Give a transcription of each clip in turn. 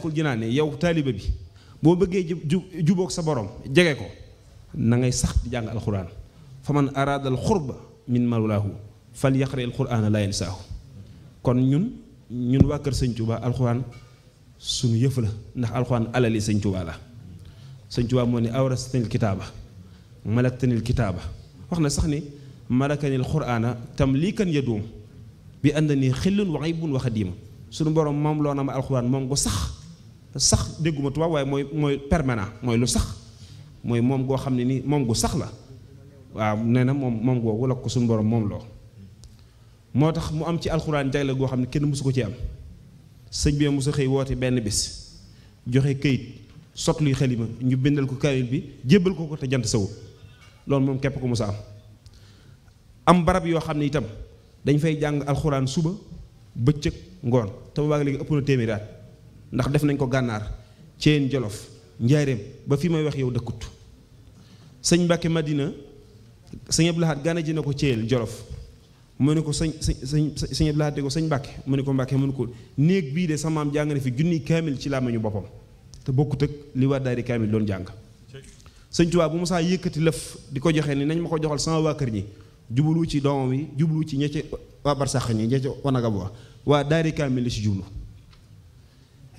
kul jinaa ne yow taaliba bi boo bëggee ju jubóog sa borom jege ko na ngay sax di jàng alxuraan fa man araada al xurba min mawlaahu fal yaqra al quraana laa kon ñun ñun waa kër sëñ Tuubaa alxuraan suñu yëf la ndax alxuraan alali sëñ la sëñ Tuubaa moo ne awrastanil kitaaba malaktanil kitaaba wax na sax ni malakanil quraana tam lii kan yaduum bi ànd nii xillun wa aybun wa xadiima suñu borom moom loo na ma alxuraan moom ko sax sax dégguma tubaab waaye mooy mooy permanent mooy lu sax mooy moom goo xam ne nii moom gu sax la waaw nee na moom moom googu la ko suñu boroom moom loo moo tax mu am ci alxuraan jagle goo xam ne kenn mësu ko ci am sëñ bi mësu xëy woote benn bis joxe këyit sot luy xalima ñu bindal ko kaamil bi jébbal ko ko te jant sawul loolu moom képp ko mësa am am barab yoo xam ne itam dañ fay jàng alxuraan suba bëccëg ngoon te boobaag léegi ëpp na téeméeri ndax def nañ ko gànnaar ceen jolof njaareem ba fi may wax yow dëkkut sëñ Mbàkke Madina sëñ Abdou Lahad gane ji ne ko ceel jolof mu ne ko sëñ sëñ sëñ Abdou Lahad de ko sëñ Mbàkke mu ne ko Mbàkke mu ne ko néeg bii de sa maam jàng na fi junniy kaamil ci làmmiñu boppam te bokkut ak li waa daari kaamil doon jàng sëñ Tuubaa bu mu saa yëkkati lëf di ko joxe ni nañ ma ko joxal sama waa kër ñi jublu ci doomam wi jublu ci ña ca waa barsax ñi ña ca wa waa daari kaamil la si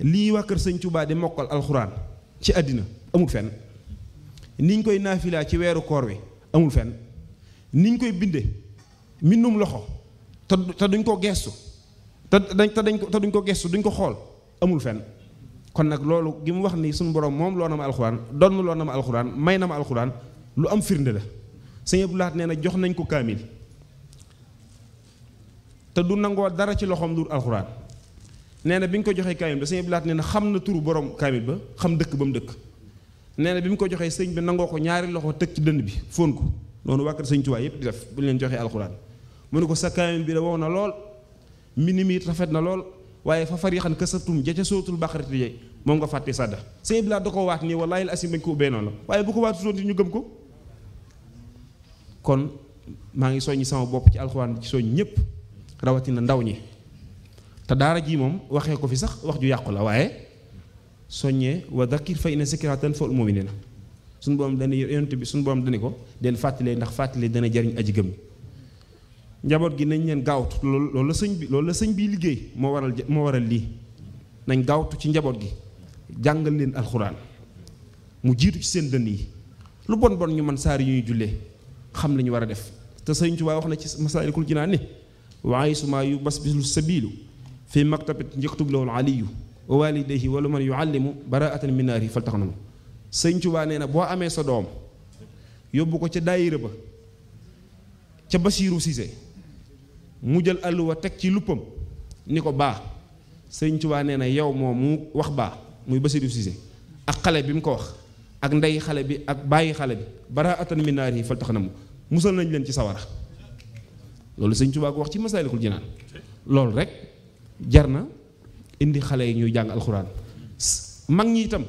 lii waa kër sëñ Tuubaa di mokkal alxuraan ci àddina amul fen niñ koy naafilaa ci weeru koor wi amul fen niñ koy binde mbindum loxo te duñ ko gestu te dañ te dañ ko te duñ ko gestu duñ ko xool amul fenn kon nag loolu gi mu wax ni suñu borom moom loo na ma alxuraan donn loo na ma may na ma lu am firnde la sëñ Abdou na jox nañ ko kaamil te du nangoo dara ci loxoom lu alxuraan nee na bi ñu ko joxee kaamil ba sëñ bi laat nee na xam na turu borom kaamil ba xam dëkk ba mu dëkk nee na bi mu ko joxee sëñ bi nangoo ko ñaari loxo teg ci dënn bi fóon ko noonu wàkkat sëñ Tuubaa yëpp def bu ñu leen joxee alxuraan mu ne ko sa kaamil bi da wow na lool mbind mi rafet na lool waaye fa farixan kasatum ja ca sootul baqarati jey moom nga fàtte sàdda sëñ bi laat da ko waat nii wallaahi asim bañ ko ubbee noonu la waaye bu ko waatu doon ñu gëm ko kon maa ngi soññi sama bopp ci alxuraan ci soññ ñëpp rawatina ndaw ñi te daara jii moom waxee ko fi sax wax ju yàqu la waaye soññee wa dakir fa inna zikraa tanfa'ul mu'miniin suñu borom dana yonent bi suñu borom dani ko den fàttalee ndax fàttalee dana jariñ aji gëm njaboot gi nañ leen gaawtu loolu la sëñ bi loolu la sëñ bi liggéey moo waral moo waral lii nañ gaawtu ci njaboot gi jàngal leen alxuraan mu jiitu ci seen dënn yi lu bon bon ñu man saar yu ñuy jullee xam la war a def te sëñ Tuubaa wax na ci Masaalikul Jinaan ne waaye su maa yu bas bisu sabiilu fii maktabati njëktub loolu aliyu wa walidayhi wala man yuallimu baraatan min naari fal tax na ma sëñ Tuubaa nee na boo amee sa doom yóbbu ko ca daayira ba ca Basiiru Sise mu jël alluwa teg ci luppam ni ko baa sëñ Tuubaa nee na yow moom mu wax baa muy Basiiru Sise ak xale bi mu ko wax ak ndey xale bi ak bàyyi xale bi baraatan min naari fal na mu musal nañ leen ci sawara loolu sëñ Tuubaa ko wax ci masaalikul jinaan loolu rek jar na indi xale yi ñuy jàng alxuraan mag ñi itam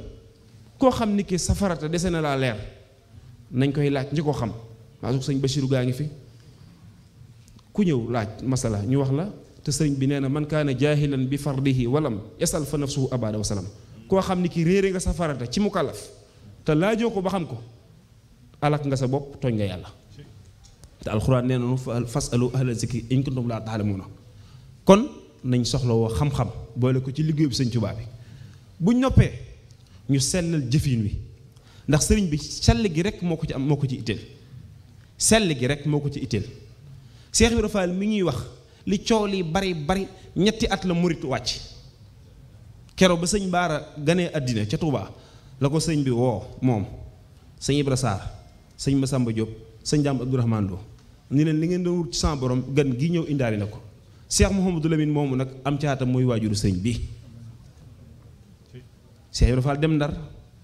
koo xam ni kii safarata dese na laa leer nañ koy laaj ñi ko xam maa sëñ Bachiru gaa ngi fi ku ñëw laaj masala ñu wax la te sëriñ bi nee na man kaana jaahilan bi fardihi walam yasal fa nafsuhu abada wa koo xam ni kii réer nga safarata ci mu kalaf te laajoo ko ba xam ko alak nga sa bopp tooñ nga yàlla te alxuraan nee na nu fasalu ahla zikri in kuntum laa taalamuuna kon nañ soxlawoo woo xam-xam boole ko ci liggéeyu sëñ Tuubaa bi bu noppee ñu sellal jëfin wi ndax sëriñ bi sell gi rek moo ko ci am moo ko ci itteel sell gi rek moo ko ci itteel Seex Ibra Faal mi ñuy wax li coow li bari bari ñetti at la murit wàcc kero ba sëñ Baara ganee àddina ca Tuubaa la ko sëñ bi woo moom sëñ Ibra Saar sëñ Masamba Diop sëñ Daam Abdourahmane Lo ni leen li ngeen doon wut ci sama borom gan gi ñëw indaale na ko Cheikh Mouhamadou Lamine moomu nag am caatam mooy waajuru sëñ bi Cheikh Ibrahima Fall dem Ndar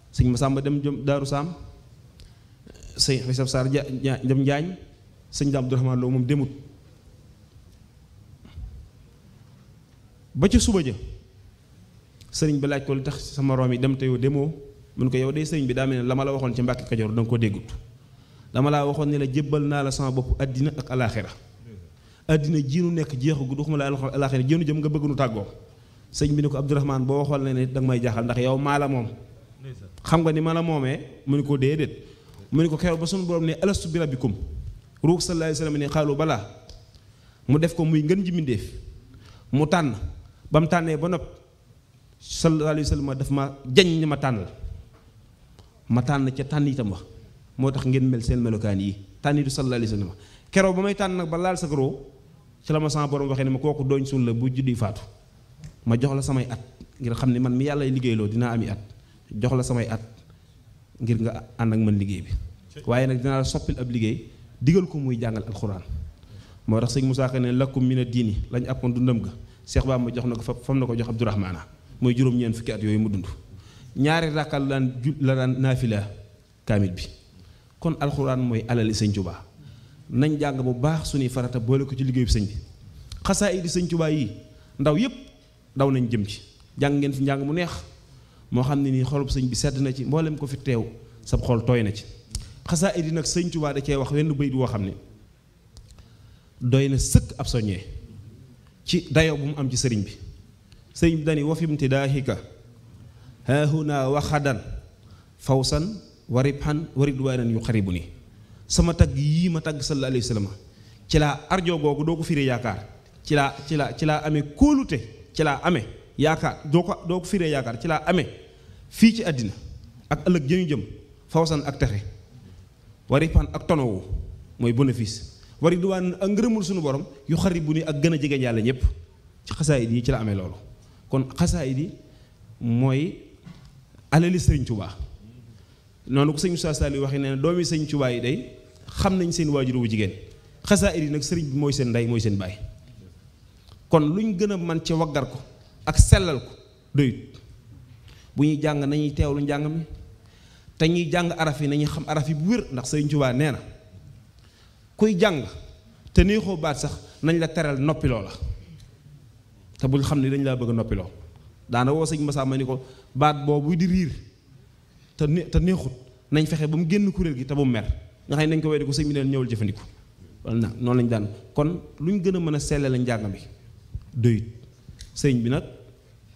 sëñ Masamba dem Daaru Saam sëñ Xisab Saar sëñ Daam Abdourahmaan Lo moom ja sëriñ bi laaj ko li tax sama room yi dem te yow demoo mun ko yow de sëriñ bi daa mel la ma la waxoon ci Mbàkke Kajoor da nga ko déggut dama laa waxoon ne la jébbal naa la sama bopp àddina ak alaaxira àddina jiinu nekk jeexagut waxuma la alaxira jéenu jëm nga bëgg nu tàggoo sëñ bi ne ko Abdourahmane boo waxoon ne ne danga may jaaxal ndax yow maa la moom xam nga ni ma la moomee mu ne ko déedéet mu ne ko keroog ba sunu borom ne alastu bi rabbikum ruux sallallahu alayhi wa sallam ne xaalu balaa mu def ko muy ngën ji mbindéef mu tànn ba mu tànnee ba nopp sallallahu alayhi wa sallam daf ma jañ ma tànn la ma tànn ca tànn itam wax moo tax ngeen mel seen melokaan yi tànn du sallallahu alayhi wa sallam keroog may tànn nag ba laal sa roo ci la ma sama borom waxe ne ma kooku dooñ suul la bu juddi faatu ma jox la samay at ngir xam ne man mi yàlla liggéeyloo dinaa ami at jox la samay at ngir nga ànd ak man liggéey bi waaye nag dinaa la soppil ab liggéey digal ko muy jàngal alxuraan moo tax sëñ Moussa Ka ne lakkum mina diini lañ àppoon dundam ga Cheikh Ba ma jox na ko fa fam na ko jox Abdourahmana mooy juróom-ñeent fukki at yooyu ma dund ñaari ràkkal la daan ju la bi kon alxuraan mooy alali sëñ Tuubaa nañ jàng bu baax su suñuy farata boole ko ci liggéeyu sëñ bi xasaayid sëñ Tuubaa yi ndaw yëpp daw nañ jëm ci jàng ngeen fi njàng mu neex moo xam ne nii xolub sëñ bi sedd na ci mboolem ko fi teew sab xol tooy na ci xasaayid yi nag sëñ Tuubaa da cee wax wenn bayit woo xam ne doy na sëkk ab soññee ci dayoo bu mu am ci sëriñ bi sëriñ bi dani wafimtidaahika haahuna waxadan fawsan waribhan waridwaanan yu xaribu nii sama tagg yii ma tagg sallallahu alayhi wa sallam ci laa arjo googu doo ko firee yaakaar ci laa ci laa ci laa amee kóolute ci laa amee yaakaar doo ko doo ko firee yaakaar ci laa amee fii ci àddina ak ëllëg jëñu jëm fawsan ak texe wari pan ak tonowu mooy bénéfice wari duwaan ak ngërëmul suñu borom yu xarit bu ni ak gën a jege yàlla ñëpp ci xasaayid yi ci la amee loolu kon xasaayid yi mooy alali sëriñ Tuubaa noonu ko sëñ Moussa Sall yi waxee nee na doomi sëñ yi day xam nañ seen waajur wu jigéen xasaayid yi nag sëriñ bi mooy seen ndey mooy seen baay kon lu ñu gën a man ci waggar ko ak sellal ko doyut bu ñuy jàng nañuy teewlu njàng mi te ñuy jàng araf yi nañuy xam araf yi bu wér ndax sëriñ Tuubaa nee na kuy jàng te neexoo baat sax nañ la teral noppiloo la te bul xam ne dañ laa bëgg a noppiloo daana woo sëñ Massa ma ni ko baat boobu di riir te te neexut nañ fexe ba mu génn kuréel gi te bu mer nga xam ne nañ ko weddi ko sëñ bi leen ñëwal jëfandiku wala nag noonu lañu daan kon lu ñu gën a mën a selle la njàng bi doyut sëñ bi nag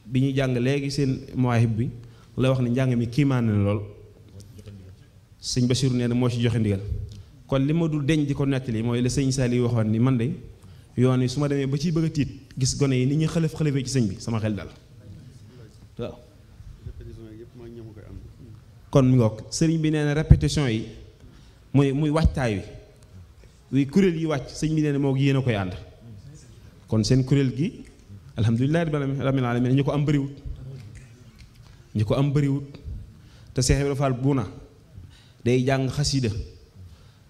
bi ñuy jàng léegi seen mawaahib bi la wax ne njàng mi kiimaane na lool sëñ Basiru nee na moo ci joxe ndigal kon li ma dul deñ di ko nettali mooy la sëñ saa Saali waxoon ni man de yoon yi su ma demee ba ciy bëgg tiit gis gone yi ni ñuy xalaf xalafee ci sëñ bi sama xel dal waaw kon mi ngoog sëriñ bi nee na répétition yi muy muy wàccaay wi muy kuréel yi wàcc sëñ bi nee na moo yéen a koy ànd kon seen kuréel gi alhamdulilah rabbil alamin ñu ko am bëriwut ñu ko am bëriwut te Seex Ibra Faal bu na day jàng xasiida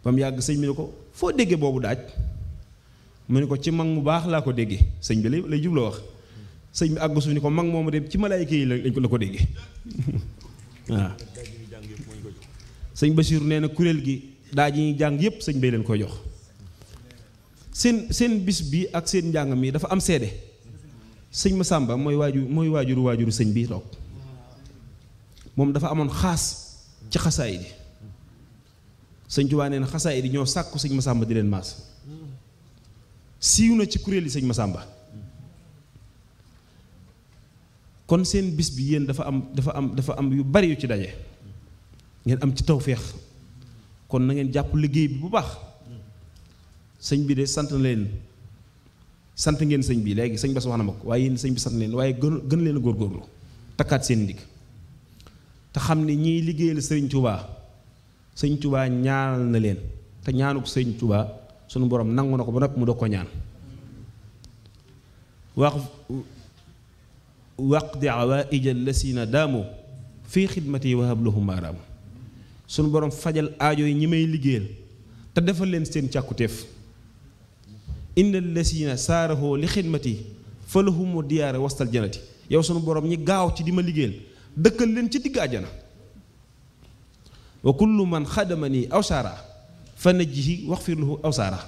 ba mu yàgg sëñ bi ne ko foo déggee boobu daaj mu ne ko ci mag mu baax laa ko déggee sëñ bi lay jubloo wax sëñ bi àgg suuf ni ko mag moomu dem ci malaayika yi lañ ko la ko déggee waaw sëñ Basiiru nee na gi daa ji ñuy jàng yépp sëñ bay leen koy jox seen seen bis bi ak seen njàng mi dafa am seede sëñ ma sàmba mooy waajur mooy waajuru sëñ bi toog moom dafa amoon xaas ci xasaay di sëñ Tuubaa nee na xasaay di ñoo sàkku sëñ ma sàmba di leen maas siiw na ci kuréel yi sëñ sàmba kon seen bis bi yéen dafa am dafa am dafa am yu bari yu ci daje ngeen am ci tawféex kon na ngeen jàpp liggéey bi bu baax sëñ bi de sant na leen sant ngeen sëñ bi léegi sëñ Bass wax na ma waaye yéen sëñ bi sant leen waaye gën gën leen a góorgóorlu takkaat seen ndig te xam ne ñiy liggéeyal sëñ Touba sëñ Touba ñaanal na leen te ñaanu ko sëñ Touba sunu borom nangu na ko ba noppi mu doog ko ñaan. wax waqdi awaaija lasina daamu fii xidmati wahab lahum maaraamu sunu borom fajal aajo yi ñi may liggéeyal te defal leen seen càkkutéef inna lesina saarahoo li xidmati falahumu diyaare wastal janati yow sunu boroom ñi gaaw ci di ma liggéeyal dëkkal leen ci digg àjjana wa kullu man xadamani aw saara fa najjihi wax fir lahu aw saara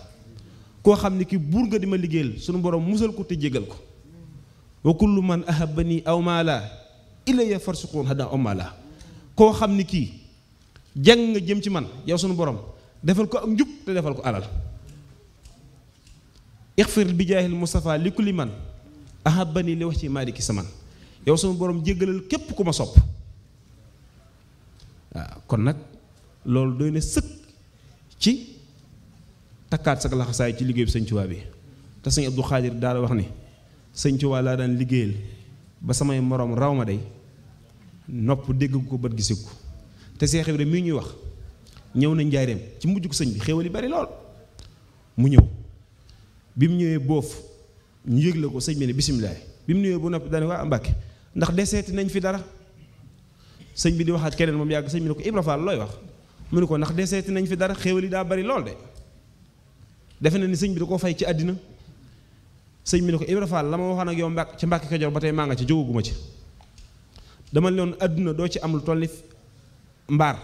koo xam ne ki buur nga di ma liggéeyal sunu borom musal ko te jégal ko wa kullu man ahabani aw maala ilaya farsuqoon hada aw maala koo xam ni kii jàng nga jëm ci man yow sunu boroom defal ko ak njub te defal ko alal ixfir bi jaahil Moustapha li kulli man ahabani li wax ci maaliki saman yow sunu borom jéggalal képp ku ma sopp waaw kon nag loolu doy na sëkk ci takkaat sa laxasaay ci liggéey bi bi te sëñ Abdou Xaadir daal wax ni sëñ Tuubaa laa daan liggéeyal ba samay moroom raw ma day nopp dégg ko bët gisiku te Cheikh Ibrahima mii ñuy wax ñëw na njaareem ci mujj sëñ bi xéewal yi bari lool mu ñëw bi mu ñëwee boof ñu yëgle ko sëñ bi ne bisimilah bi mu ñëwee bu noppi daane waa Mbàkke ndax deseeti nañ fi dara sëñ bi di waxaat keneen moom yàgg sëñ bi ne ko Ibra Fall looy wax mu ne ko ndax deseeti nañ fi dara xéewal yi daa bari lool de defe na ni sëñ bi da koo fay ci àddina sëñ bi ne ko Ibra Fall la ma waxoon ak yow mbàkk ci Mbàkke Kajoor ba tey maa nga ci jógaguma ci dama ci mbaar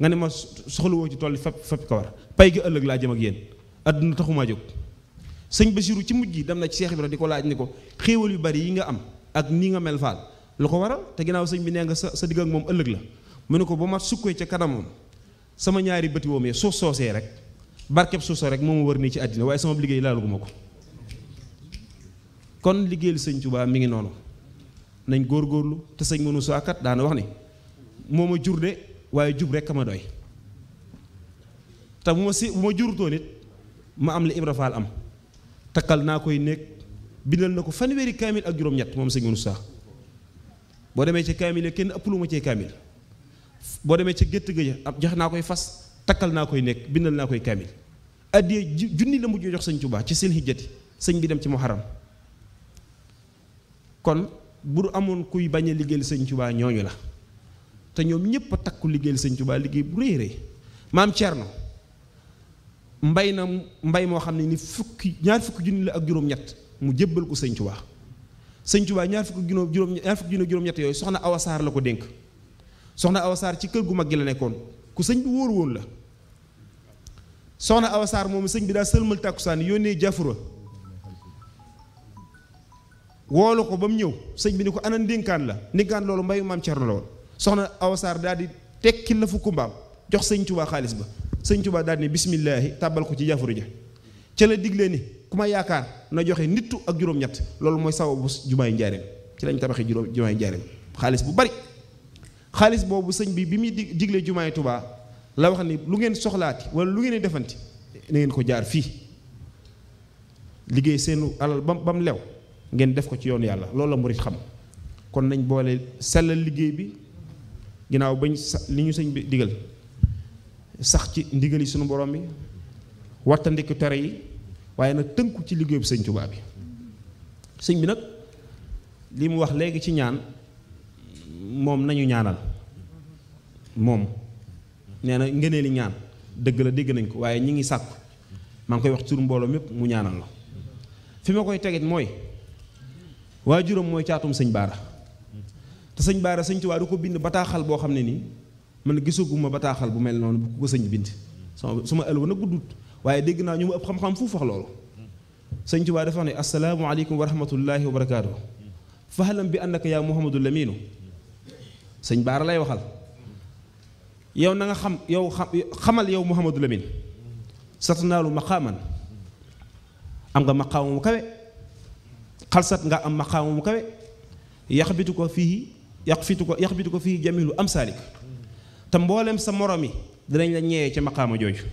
nga ne ma soxlawoo ci tool yi fap fap ko war pay gi ëllëg laa jëm ak yéen adduna taxumaa jóg sëñ Basiru ci mujj dem na ci Seex Ibra di ko laaj ni ko xéewal yu bari yi nga am ak nii nga mel faal lu ko waral te ginnaaw sëñ bi nee nga sa sa digg moom ëllëg la mu ne ko ba ma sukkee ca kanamam sama ñaari bëti woomee suuf soosee rek barkeb suuf soo rek moo ma wër nii ci àddina waaye sama liggéey laaluguma ko kon liggéeyal sëñ Tuubaa mi ngi noonu nañ góorgóorlu te sëñ mënu saakat daana wax ni waaye jub rek ma doy te bu ma si bu ma jurutoon it ma am la Ibra Faal am takkal naa koy néeg bindal na ko fanweeri kaamil ak juróom-ñett moom sëñ Moussa boo demee ci kaamil kenn ëpp lu ma cee kaamil boo demee ci gétt ga ab jox naa koy fas takkal naa koy nekk bindal naa koy kaamil addiyee junni la mujj jox sañ Tuubaa ci seen hijjati sëñ bi dem ci muharram kon bu amoon kuy bañ a liggéeyal sëñ Tuubaa ñooñu la te ñoom ñëpp a takku liggéeyal sëñ liggéey bu rëy rëy maam Thierno mbay na mbay moo xam ne ni fukki ñaar fukki junni la ak juróom-ñett mu jëbbal ko sëñ Tuubaa sëñ Tuubaa ñaar fukki junni juróom ñaar fukki junni ñett yooyu soxna Awa Sarr la ko dénk soxna Awa Sarr ci kër gu mag gi la nekkoon ku sëñ bi wóor woon la soxna Awa Sarr moom sëñ bi daa sëlmal tàkkusaan yónnee jafura woolu ko ba mu ñëw sëñ bi ni ko anan ndénkaan la ndénkaan loolu mbayu maam Thierno la woon soxna Awa Sarr daal di tekki la fu kumbaam jox sëñ Tuubaa xaalis ba sëñ tubaa daal di ne bismillaahi tàbbal ko ci jafuru ja ca la diglee ni ku ma yaakaar na joxe nittu ak juróom-ñett loolu mooy bu jumaayu njaareem ci lañ tabaxee juróom jumaayu njaareem xaalis bu bari xaalis boobu sëñ bi bi muy diglee jumaayu tubaa la wax ni lu ngeen soxlaati wala lu ngeen defanti na ngeen ko jaar fii liggéey seenu alal ba ba mu lew ngeen def ko ci yoon yàlla loolu la murit xam bi ginnaaw bañ sa li ñu sëñ bi digal sax ci ndigal yi suñu borom bi wattandiku tere yi waaye nag tënku ci liggéeyu sëñ Tuubaa bi sëñ bi nag li mu wax léegi ci ñaan moom nañu ñaanal moom nee na ngëneeli ñaan dëgg la dégg nañ ko waaye ñi ngi sàkku maa ngi koy wax tur mbooloo mépp mu ñaanal la fi ma koy tegit mooy waajuram mooy caatum sëñ Baara te sëñ Baara sëñ Tuubaa du ko bind bataaxal boo xam ne nii man gisaguma bataaxal bu mel noonu bu ko sëñ bind sama su ma ëlwa na guddut waaye dégg naa ñu ma ëpp xam-xam fuuf wax loolu sëñ Tuubaa dafa wax ne asalaamualeykum wa rahmatullahi wa barakaatu fahalam bi annaka yaa Muhammadu Laminu sëñ Baara lay waxal yow na nga xam yow xamal yow Muhammadu Lamin satnaalu maqaaman am nga maqaamu mu kawe xalsat nga am maqaamu mu kawe yaxbitu ko fii yàq fitu ko yàq bitu ko fii lu am saalik te mboolem sa morom yi dinañ la ñeewee ci maqaama jooju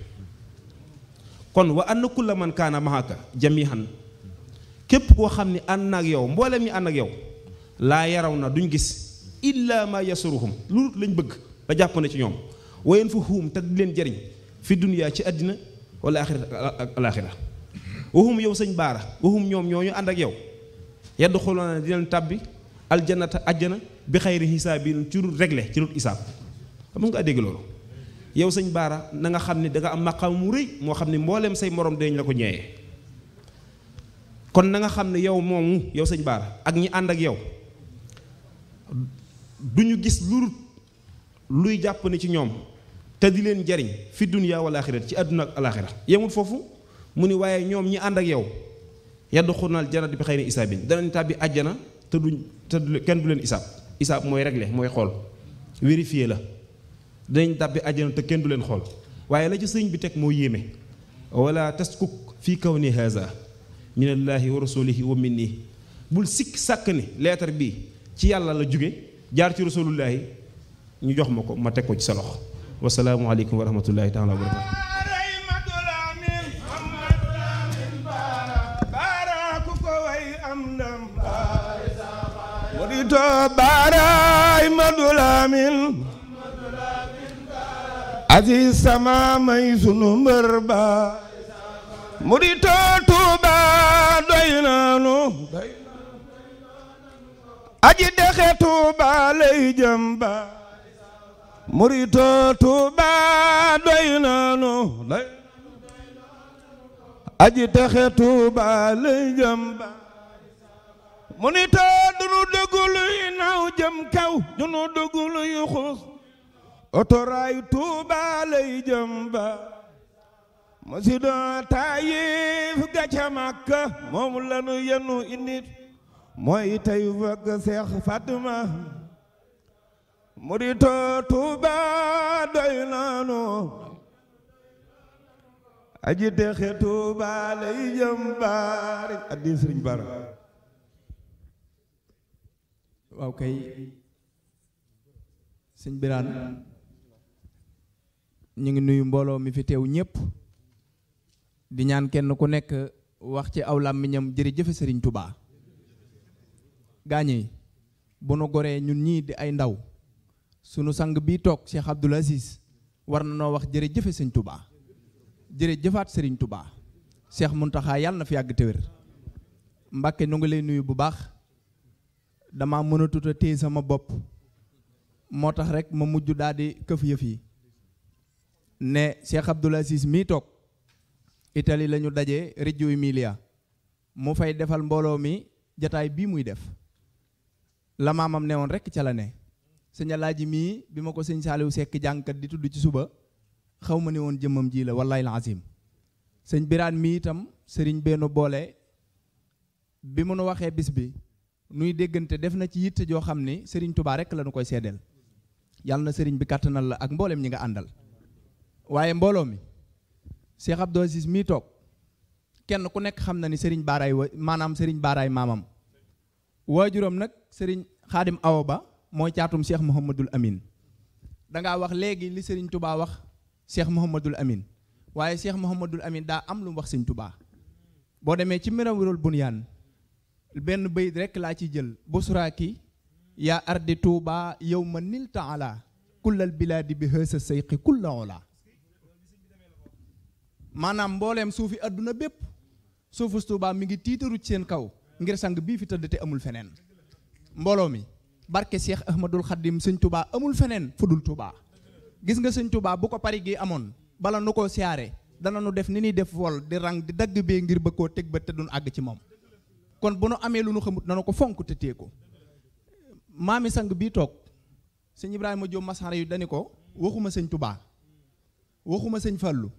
kon wa anna kulla man kaana mahaka jamihan képp koo xam ne ànd na ak yow mboolem ñi ànd ak yow laa yaraw na duñ gis illa ma yasuruhum lu lañ bëgg la jàpp na ci ñoom wayen fa huum te di leen jariñ fi duniyaa ci àddina wala axirat ak alaxira waxum yow sëñ baara waxum ñoom ñooñu ànd ak yow yaddu xoloona dinañ tàbbi aljannata ajjana bi xayri xisaabin ci dul réglé ci dul isaab xam nga dégg loolu yow sëñ baara na nga xam ne danga am maqaam mu rëy moo xam ni mbooleem say moroom dañ la ko ñeeyee kon na xam ne yow moomu yow sëñ ak ñi ànd yow du ñu gis lu luy jàpp ne ci ñoom te di leen jariñ fi dunya wal axirat ci àdduna ak alaxira yemul foofu mu ni waaye ñoom ñi ànd ak yow yaddu xurnaal janat bi xëy na isaabin danañ tàbbi àjjana te duñ te kenn du leen isaab isaab mooy régler mooy xool vérifier la dinañ tàbbi àjjana te kenn du leen xool waaye la ci sëñ bi teg moo yéeme wala taskuk fii kaw ni haza minallaahi wa rasulihi wa min nii bul sikk sàkk ni leetar bii ci yàlla la jóge jaar ci rasulullaahi ñu jox ma ko ma teg ko ci sa loxo wasalaamualeykum wa rahmatullahi taala wa barakatu to baaraay Madu Lamin Aziz sama may sunu mbër ba muri to Tuuba doy naanu aji dexe Tuuba lay jëm ba muri to Tuuba doy naanu aji dexe Tuuba lay jëm ba mu ni te dunu dëggulu yu jëm kaw dunu dëggulu yu xuus otoraayu tuuba jëm ba masida taayif gaca makka moom lanu yenu init mooy tey bëgg seex Fatma mu di to tuuba doy naanu aji dexe tuuba lay jëm baari addi sëriñ bara waaw kay sëñ Biraan ñu ngi nuyu mbooloo mi fi teew ñépp di ñaan kenn ku nekk wax ci aw làmmiñam jërëjëf sëriñ tubaa gaañe bu nu goree ñun ñii di ay ndaw sunu sang bii toog Cheikh Abdoul Aziz war na noo wax jërëjëf sëñ Touba jëfaat sëriñ tubaa Cheikh Mountakha yàlla na fi yàgg te Mbàkke ñu ngi lay nuyu bu baax dama mënatut a téye sama bopp moo tax rek ma mujj daal di këf yëf yi ne Cheikh Abdoul Aziz mii toog itali lañu daje dajee Reggio Emilia mu fay defal mbooloo mi jataay bii muy def la maamam ne woon rekk ca la ne sëñ mii bi ma ko sëñ Saaliw Sekk jàngkat di tudd ci suba xaw ma ne woon jëmmam ji la wallaay lazim sëñ Biraan mii itam sëriñ benn boole bi mu nu waxee bis bi nuy déggante def na ci yitte joo xam ni Serigne tubaa rek la nu koy seedeel yàlla na sëriñ bi kàttanal la ak mboolem ñi nga àndal. waaye mbooloo mi Cheikh Abdou Aziz mii toog kenn ku nekk xam na ni Serigne Baaraay wa maanaam Serigne Baaraay maamam waajuram nag sëriñ Xaadim awo Ba mooy caatum Cheikh Mouhamadul Amin da ngaa wax léegi li sëriñ tubaa wax Cheikh Mouhamadul Amin waaye Cheikh Mouhamadul Amin daa am lu mu wax Serigne Touba boo demee ci Mirawirul Bunyaan benn bayit rek laa ci jël busraaki yaa ardi tuuba yow ma nil taala kullal bilaadi bi hësa sayqi kulla maanaam mbooleem suufi àdduna bépp suufus tuuba mi ngi tiitaru ci seen kaw ngir sang bii fi tëdd te amul feneen mbooloo mi barke Cheikh Ahmadul Khadim sëñ Touba amul feneen fudul Touba gis nga sëñ Touba bu ko pari gi amoon bala nu koo siyaare dana nu def ni ñuy def wol di rang di dagg bee ngir bëgg koo teg ba te duñ àgg ci moom kon bu nu amee lu nu xamut nanu ko fonk te téye ko maami sang bii toog sëñ Ibrahima Diop Masara yu dani ko waxuma sëñ Touba waxuma sëñ Fallou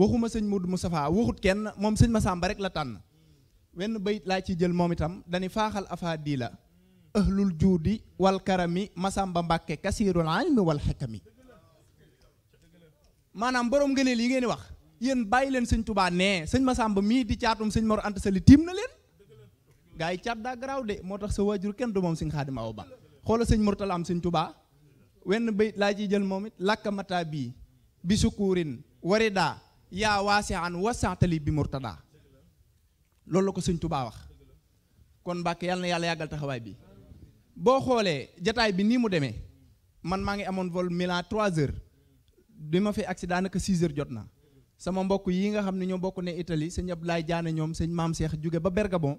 waxuma sëñ Modou Moustapha waxut kenn moom sëñ ma sàmba rek la tànn wenn bayit laa ciy jël moom itam dañuy faaxal afaa dii la ahlul di wal karami Massamba Mbàkke kasiirul ilmi wal xekami maanaam borom ngëneel yi ngeen wax yéen bàyyi leen sëñ Touba nee sëñ ma Massamba mii di caatum sëñ Mor Anta Sali tiim na leen gaa yi caat daa garaaw de moo tax sa waajur kenn du moom sëñ Xaadim Awa Ba xoola sëñ Murtala am sëñ Tubaa wenn bayit laa ciy jël moom it làkka mata bii bi sukuurin waridaa yaa waasi wa wasaatali bi Murtada loolu la ko sëñ Tubaa wax kon Mbàkke yàlla na yàlla yàggal taxawaay bi boo xoolee jataay bi nii mu demee man maa ngi amoon vol Milan trois heures bi ma fi agsi daanaka 6 heures jot na sama mbokk yii nga xam ne ñoo bokk ne Italie sëñ laay Diané ñoom sëñ Maam Cheikh jóge ba Bergamo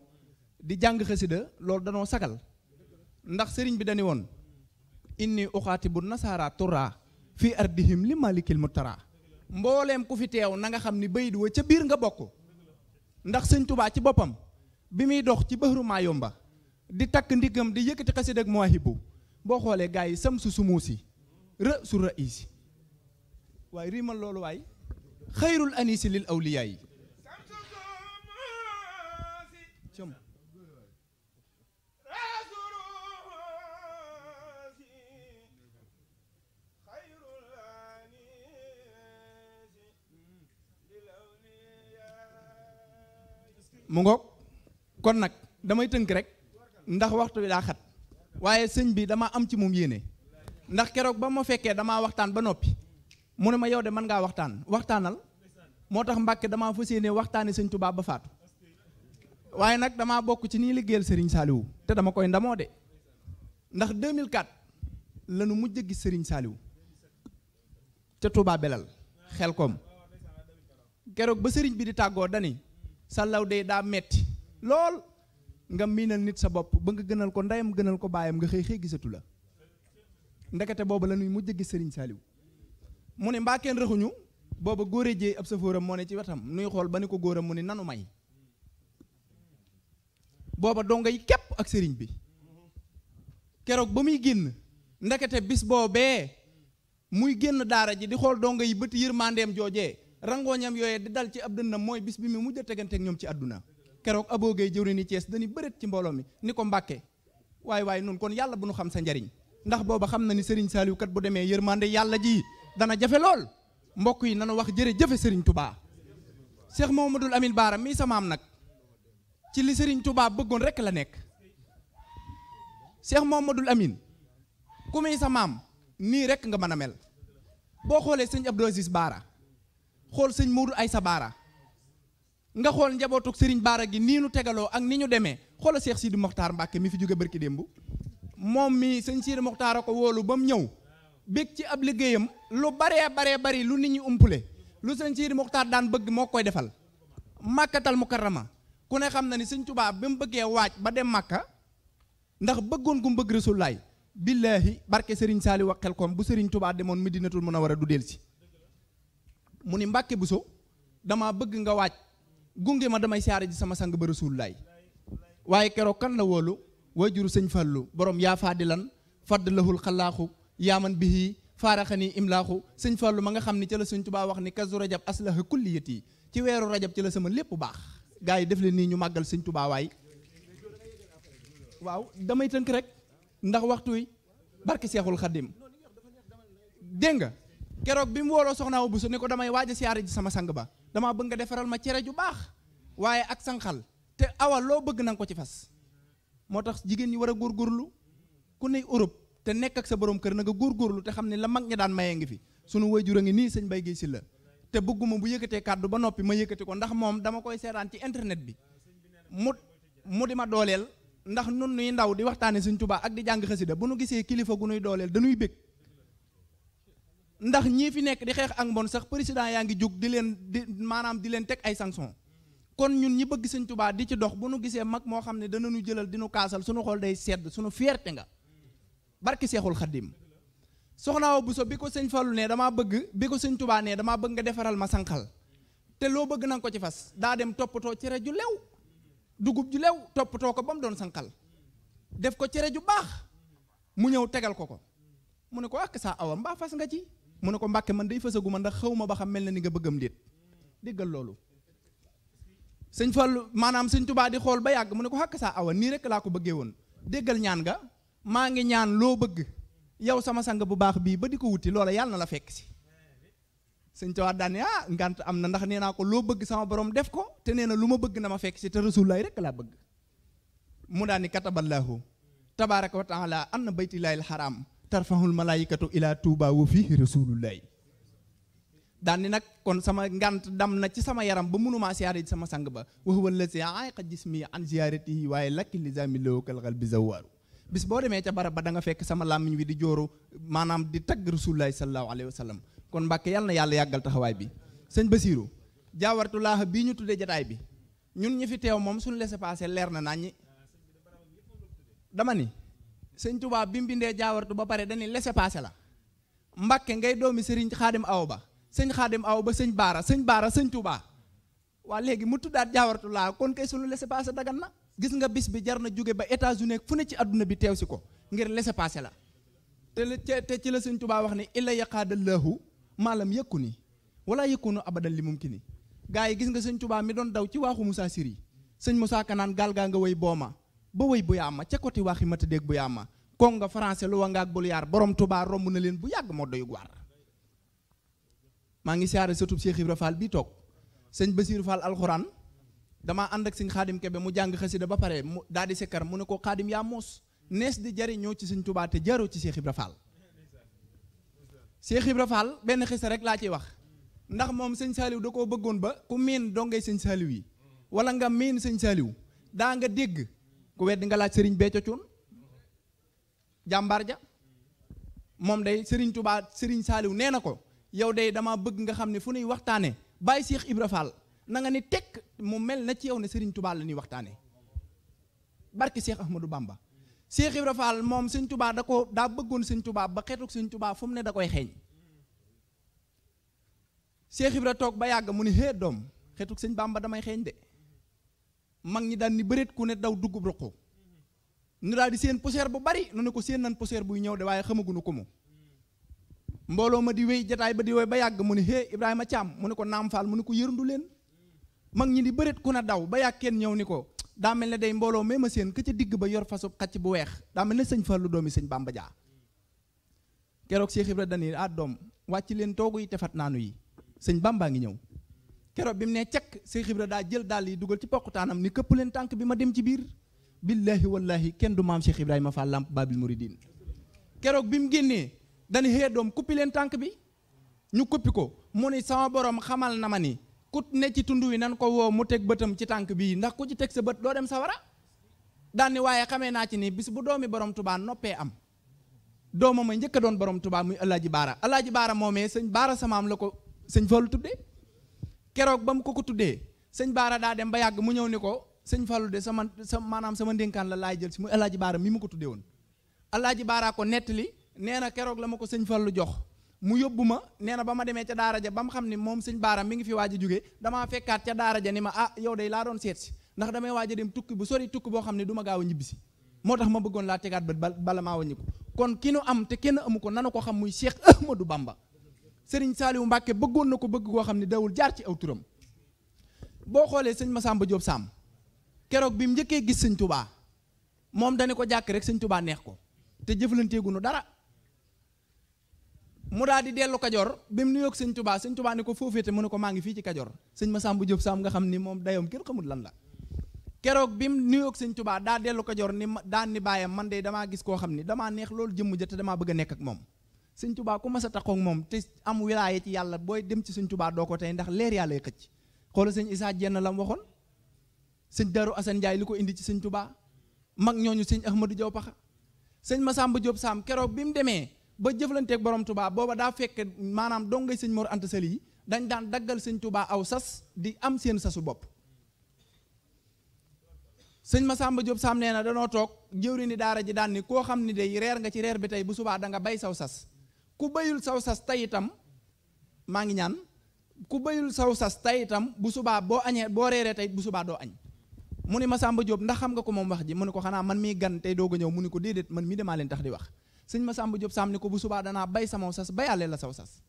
di jàng xasida loolu danoo sagal ndax sëriñ bi dañu woon inni uxaati bu nasaara tura fii ardihim li malikil mutara mbooleem ku fi teew na nga xam ni bayit wa ca biir nga bokk ndax sëñ tubaa ci boppam bi muy dox ci bëxru maayomba di takk ndiggam di yëkkati xasida ak muwahibu boo xoolee gars yi sam su sumuusi rë su ra'isi waaye riimal loolu xëyrul xayrul anisi lil awliyaa yi mu ngoog kon nag damay tënk rek ndax waxtu bi daa xat waaye sëñ bi dama am ci moom yéene ndax keroog ba ma fekkee damaa waxtaan ba noppi mu ne ma yow de mën ngaa waxtaan waxtaanal moo tax Mbàkke dama fas yéene waxtaane sëñ tubaab ba faatu waaye nag dama bokk ci nii liggéeyal Serigne Saliou te dama koy ndamoo de ndax 2004 la nu mujj gis Serigne Saliou ca Touba Belal xel koom keroog ba sëriñ bi di tàggoo dani sa law daa metti lool nga miinal nit sa bopp ba nga gënal ko ndeyam gënal ko baayam nga xëy xëy gisatu la ndekete boobu la nuy mujj gis sëriñ Saliou mu ne mbaa kenn rëxuñu booba góore jéey ab safóoram moo ne ci wetam nuy xool ba ni ko góoram mu ne nanu may booba donga yi képp ak sëriñ bi keroog ba muy génn ndekete bis boobee muy génn daara ji di xool donga yi bëti yërmandeem joojee rangooñam yooyee di dal ci ab dënn mooy bis bi mu mujj a teganteeg ñoom ci àdduna keroog aboogay jëwri ni Cees dañu bëreet ci mbooloo mi ni ko mbàkke waaye waaye noonu kon yàlla bu nu xam sa njariñ ndax booba xam na ni sëriñ Saaliw kat bu demee yërmande yàlla ji dana jafe lool mbokk yi nanu wax jafe sëriñ tubaa Cheikh Mouhamadoul Amine Baara mii sa maam nag ci li sëriñ tubaa bëggoon rekk la nekk Cheikh Mouhamadoul Amine ku muy sa maam nii rekk nga mën a mel boo xoolee sëñ Abdou Aziz Baara xool sëñ ay sa Baara nga xool njabootug sëriñ Baara gi nii nu tegaloo ak ni ñu demee xoola Cheikh Sidi Mokhtar Mbacke mi fi jóge barki démb moom mi sëñ Sidi Mokhtar a ko woolu ba mu ñëw bég ci ab liggéeyam lu baree baree bari lu nit ñi umpule lu sëñ Sidi Mokhtar daan bëgg moo koy defal màkkatal mukarrama ku ne xam na ni sëñ tubaab bi mu bëggee waaj ba dem màkka ndax bëggoon ku mu bëgg Rasulaay billaahi barke sëriñ Saali wa xel koom bu sëriñ Tuubaa demoon Medinatul Munawwara du delsi mu ni Mbàkke Buso damaa bëgg nga waaj gunge ma damay siyaare ji sama sang ba Rasulullaay waaye keroog kan la woolu waajuru sëñ Fallu borom yaa faadilan faddlahul xalaaxu yaaman bihi faaraxani imlaaxu sëñ Fallu ma nga xam ni ca la sëñ Tubaa wax ni kazu rajab aslaha kulliyat yi ci weeru rajab ci la sama lépp baax gars yi def leen nii ñu màggal sëñ Tubaa waay waaw damay tënk rek ndax waxtu wi barke Seexul Xadim dégg keroog bi mu wooloo soxnaa bu sa ne ko damay waaj a ji sama sang ba damaa bëgg nga defaral ma cere ju baax waaye ak sanqal te awal loo bëgg nanga ko ci fas moo tax jigéen ñi war a góorlu ku ne Europe te nekk ak sa borom kër na nga góorlu te xam ne la mag ñi daan mayee ngi fi sunu jur a ngi nii bay Baye si la te bëgguma bu yëkkatee kàddu ba noppi ma yëkkati ko ndax moom dama koy seetaan ci internet bi mu mu di ma dooleel ndax nun nuy ndaw di waxtaane sëñ Tuubaa ak di jàng xasida bu nu gisee kilifa gu nuy dooleel dañuy bëgg ndax ñii fi nekk di xeex ak mbon sax président yaa ngi jug di leen di maanaam di leen teg ay sanctions kon ñun ñi bëgg sëñ tubaa di ci dox bu nu gisee mag moo xam ne dana danañu jëlal di nu kaasal suñu xool day sedd sunu fierté nga barki seexul xaddim soxna Awa Bousso bi ko sëñ Fallu ne damaa bëgg bi ko sëñ Tuubaa ne damaa bëgg nga defaral ma sànqal te loo bëgg na ko ci fas daa dem toppatoo cere ju lew dugub ju lew toppatoo ko ba mu doon sànqal def ko cere ju baax mu ñëw tegal ko ko mu ne ko ak ah, saa awa mbaa nga ci mu ne ko mbàkke man day fësagu ma ndax xaw ma ba xam mel na ni nga bëggam déet déggal loolu sëñ Fallu maanaam sëñ Tubaa di xool ba yàgg mu ne ko xàkk saa awa nii rek laa ko bëggee woon déggal ñaan nga maa ngi ñaan loo bëgg yow sama sang bu baax bii ba di ko wuti loola yàlla na la fekk si sëñ Tubaa daan ah ngant am na ndax nee naa ko loo bëgg sama boroom def ko te nee na lu ma bëgg na ma fekk si te rasulaay rek laa bëgg mu daal ni kataballaahu tabaaraka wa taala anna baytillaahil tarfahul malaayikatu ilaa tuuba wa fii rasulullahi daan ni nag kon sama ngant dam na ci sama yaram ba mënumaa siyaare ji sama sang ba wax wala si ayqa jismi an ziyaaratihi waaye lakki lisami lowokal xal bi zawaaru bis boo demee ca barab ba da nga fekk sama làmmiñ wi di jooru maanaam di tagg rasulullahi sallallahu alayhi wa sallam kon mbàkke yàlla na yàlla yàggal taxawaay bi sëñ Basiru jaawartulaaha bii ñu tuddee jataay bi ñun ñi fi teew moom suñu laissez-passer leer na naññi dama sëñ tubaa bi mu bindee jaawartu ba pare dañuy laisser passer la mbakke ngay doomi sëriñ xaadim aw ba sëñ xaadim aw ba sëñ baara sëñ baara sëñ tubaa waa léegi mu tuddaat jaawartu laa kon kay sunu laisser passer dagan na gis nga bis bi jar na jóge ba États-Unis fu ne ci àdduna bi teew si ko ngir laisser passer la te la ci la sëñ Tuubaa wax ne illa yaqaadallaahu maalam yëkku ni wala yëkkunu abadan li mumkini gaa yi gis nga sëñ Tuubaa mi doon daw ci waaxu Moussa Siri sëñ Moussa Kanaan gaal gaa woy booma ba wëy bu yaama ca côté waxi ma tëddeeg bu yaama kon nga français lu wa ngaak bul yaar borom tubaa romb na leen bu yàgg moo doy waar maa ngi siyaare sëtub Cheikh Ibra Fall bii toog sëñ Basiiru Fall alxuraan damaa ànd ak sëñ xaadim kebe mu jàng xasida ba pare mu daal di sekkar mu ne ko xaadim yaa moos nees di jariñoo ci sëñ tubaa te jaroo ci Cheikh Ibra Fall Cheikh Ibra Fall benn xisa rek laa ciy wax ndax moom sëñ saaliw da koo bëggoon ba ku miin dongay s saaliw yi wala nga miin sëñ saaliw ku wedd nga laaj Serigne Béthio Thioune jàmbaar ja moom day sëriñ Touba sëriñ Saliou nee na ko yow day dama bëgg nga xam ne fu nuy waxtaane bàyyi Cheikh Ibra Fall na ni tekk mu mel na ci yow ne Serigne Touba la ñuy waxtaanee barke Cheikh Ahmadou Bamba. Cheikh Ibra Fall moom Serigne Touba da ko daa bëggoon Serigne Touba ba xeetuk Serigne Touba fu ne da koy xeeñ Cheikh Ibra toog ba yàgg mu ni hee doom xeetuk Serigne Bamba damay xeeñ de. mag ñi daan ni bëreet ku ne daw duggub roq nu daal di seen poussière bu bari nu ne ko seen nan poussière buy ñëw de waaye xamaguñu ko mu mbooloo ma di wéy jataay ba di wéy ba yàgg mu ne hé Ibrahima Thiam mu ne ko naam mu ne ko yërndu leen mag ñi di bëreet ku na daw ba yàgg kenn ñëw ni ko daa mel ne day mbooloo même seen ka ca digg ba yor faso xacc bu weex daa mel ne sëñ Fallou doomi sëñ Bamba Dia keroog Cheikh Ibra dani ah doom wàcc leen toogu yi tefat naanu yi sëñ Bamba ngi ñëw keroog bi mu nee cekk Seex Ibra daa jël dàll yi dugal ci poqutaanam ni këpp leen tànk bi ma dem ci biir billaahi wallaahi kenn du maam Cheikh Ibrahima Fall Lamp Babil Mouridine keroog bi mu génnee dañu xëy doom kuppi leen tànk bi ñu kuppi ko mu ni sama borom xamal na ma ni ku ne ci tund wi nan ko woo mu teg bëtam ci tànk bii ndax ku ci teg sa bët doo dem sawara daal ni waaye xamee naa ci ni bis bu doomi borom tubaa noppee am doomam a njëkk doon borom tubaa muy alaaji baara alaaji baara moomee sëñ baara samaam la ko sëñ Fallu tudde keroog ba mu ko ko tuddee sëñ baara daa dem ba yàgg mu ñëw ni ko sëñ Fallou de sama sa maanaam sama ndénkaan la laay jël si muy alaaji baara mi mu ko tuddee woon alaaji baara ko nettali nee na keroog la ma ko sëñ Fallou jox mu yóbbu ma nee na ba ma demee ca daara ja ba mu xam ne moom sëñ baara mi ngi fi waaja jóge damaa fekkaat ca daara ja ni ma ah yow de laa doon seet si ndax damay waaja dem tukki bu sori tukki boo xam ne duma gaaw a ñibbisi moo tax ma bëggoon laa tegaat ba bala maa wàññi ko kon ki am te kenn amu ko nanu ko xam muy Cheikh Ahmadou Bamba Serigne Saliou Mbacke bëggoon na ko bëgg koo xam ne dawul jaar ci aw turam boo xoolee sëñ Massamba Diop Samb keroog bi mu njëkkee gis sëñ Touba moom dañu ko jàkk rek sëñ Touba neex ko te jëflanteegunu dara mu daal di dellu Kajoor bi mu nuyoog sëñ Touba sëñ Touba ne ko foofee te mu ne ko maa ngi fii ci Kajoor sëñ Massamba Diop Samb nga xam ni moom dayoom kenn xamul lan la. keroog bi mu nuyoog sëñ Touba daa dellu Kajoor ni daan ni bàyyam man de damaa gis koo xam ni damaa neex loolu jëmm ja te damaa bëgg a nekk ak moom. sëñ tubaa ku mas a taxoog moom te am wilaaye ci yàlla booy dem ci sëñ tubaa doo ko tey ndax leer yàlla xëcc xoola sëñ isaa jenn la mu waxoon sëñ daru asan njaay li ko indi ci sëñ tubaa mag ñooñu sëñ ahmadou jaw paxa sëñ masamba jóob saam keroog bi mu demee ba jëflanteeg borom tubaa booba daa fekk maanaam dongay sëñ mor anta yi dañ daan daggal sëñ aw sas di am seen sasu bopp sëñ Masamba Diop Sam nee na danoo toog jëwri ni daara ji daan ni koo xam ne day reer nga ci reer bi tey bu subaa danga bay saw sas ku bayul saw sas tey itam maa ngi ñaan ku bayul saw sas tey itam bu subaa boo añee boo reeree tey bu subaa doo añ mu ni ma Samba Diop ndax xam nga ko moom wax ji mu ni ko xanaa man mii gan tey doog a ñëw mu ni ko déedéet man mii damaa leen tax di wax sëñ ma Samba Diop saam ni ko bu subaa danaa bay sama sas bayaale la saw sas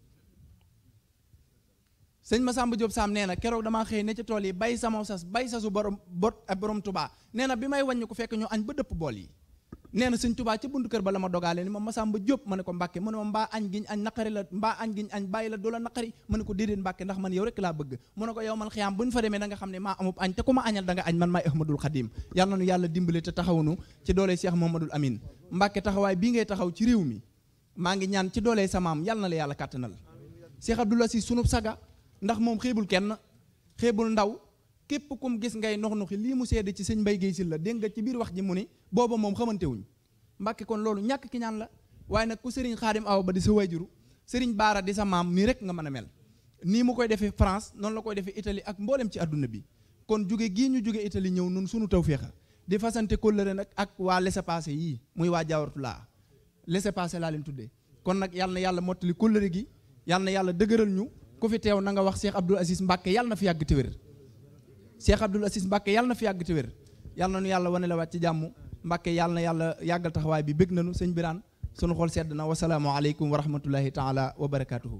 sëñ ma Samba Diop saam nee na keroog damaa xëy ne ci tool yi bay sama sas bay sasu borom bot eh, borom tubaa nee na bi may wàññi ko fekk ñu añ ba dëpp bool yi nee na sëñ tubaa ca buntu kër ba la ma dogaale ni ma Masamba Jóob ma ne ko Mbàkke ma mbaa añ giñ la mbaa añ giñ añ bàyyi la doo la naqari ma ne ko déedéet Mbàkke ndax man yow rek laa bëgg mu ne ko yow man xiyaam bu ñu fa demee da xam ne maa amub añ te ku ma añal da añ man maay Ahmadul Xadim yal na nu yàlla dimbale te taxawunu ci doole Cheikh Mouhamadoul Amine Mbàkke taxawaay bii ngay taxaw ci réew mi maa ngi ñaan ci doole sa maam yal na la yàlla kàttanal Cheikh Abdoul Aziz sunub saga képp kum gis ngay nox noxi lii mu seede ci sëñ Mbay Géey Sylla dégg nga ci biir wax ji mu ni booba moom xamante wuñ mbàkke kon loolu ñàkk ki ñaan la waaye nag ku sëriñ xaadim aw ba di sa wayjuru sëriñ baara di sa maam nii rek nga mën a mel nii mu koy defee France noonu la koy defee Italie ak mboolem ci àdduna bi kon jóge gii ñu jóge Italie ñëw nun suñu tawféex di fasante kóllëre nag ak waa laissez-passer yii muy waa jaawartu laa laissez-passer laa leen tuddee kon nag yàlla yàlla mottali kóllëre gi yàlla na yàlla dëgëral ñu ku fi nga wax Cheikh Abdoul Aziz Mbacke yàlla na fi yàgg te Cheikh Abdoul Aziz Mbacke yàlla na fi yàgg ci wér yàlla na nu yàlla wane la waat ci jàmm Mbacke yàlla yàlla yàggal taxawaay bi bég nañu sëñ biraan sunu xool sedd na wasalaamualeykum wa rahmatulahi taala wa barakaatuhu.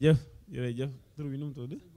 jëf jërëjëf tur bi nu mu tudd